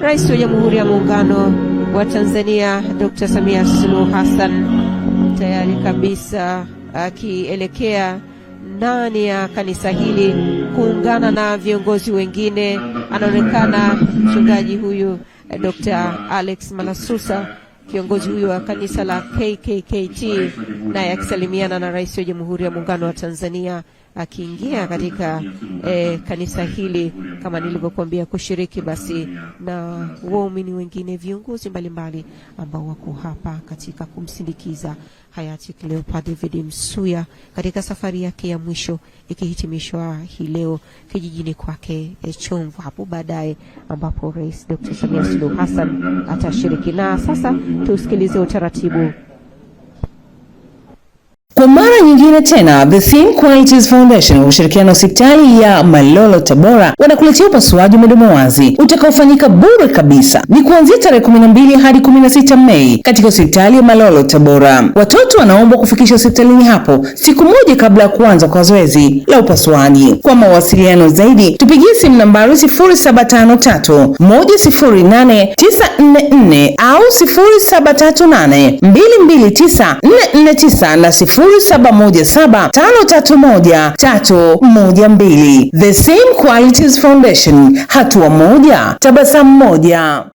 Rais wa Jamhuri ya Muungano wa Tanzania Dr. Samia Suluhu Hassan tayari kabisa akielekea ndani ya kanisa hili kuungana na viongozi wengine. Anaonekana mchungaji huyu eh, Dr. Alex Malasusa, kiongozi huyu wa kanisa la KKKT, naye akisalimiana na rais wa Jamhuri ya Muungano wa Tanzania akiingia katika e, kanisa hili kama nilivyokuambia, kushiriki basi na waumini wengine, viongozi mbalimbali ambao wako hapa katika kumsindikiza hayati Cleopa David Msuya katika safari yake ya mwisho ikihitimishwa hii leo kijijini kwake e, Chomvu hapo baadaye, ambapo Rais Dr. Samia Suluhu Hassan atashiriki. Na sasa tusikilize utaratibu kwa mara nyingine tena The Think Qualities Foundation hushirikiana na hospitali ya Malolo Tabora wanakuletea upasuaji mdomo wazi utakaofanyika bure kabisa. Ni kuanzia tarehe 12 hadi 16 Mei katika hospitali ya Malolo Tabora. Watoto wanaombwa kufikisha hospitalini hapo siku moja kabla ya kuanza kwa zoezi la upasuaji. Kwa mawasiliano zaidi, tupigie simu nambari 0753 108 au 0738 229 na 0 0717531312 The Same Qualities Foundation, hatua moja, tabasamu moja.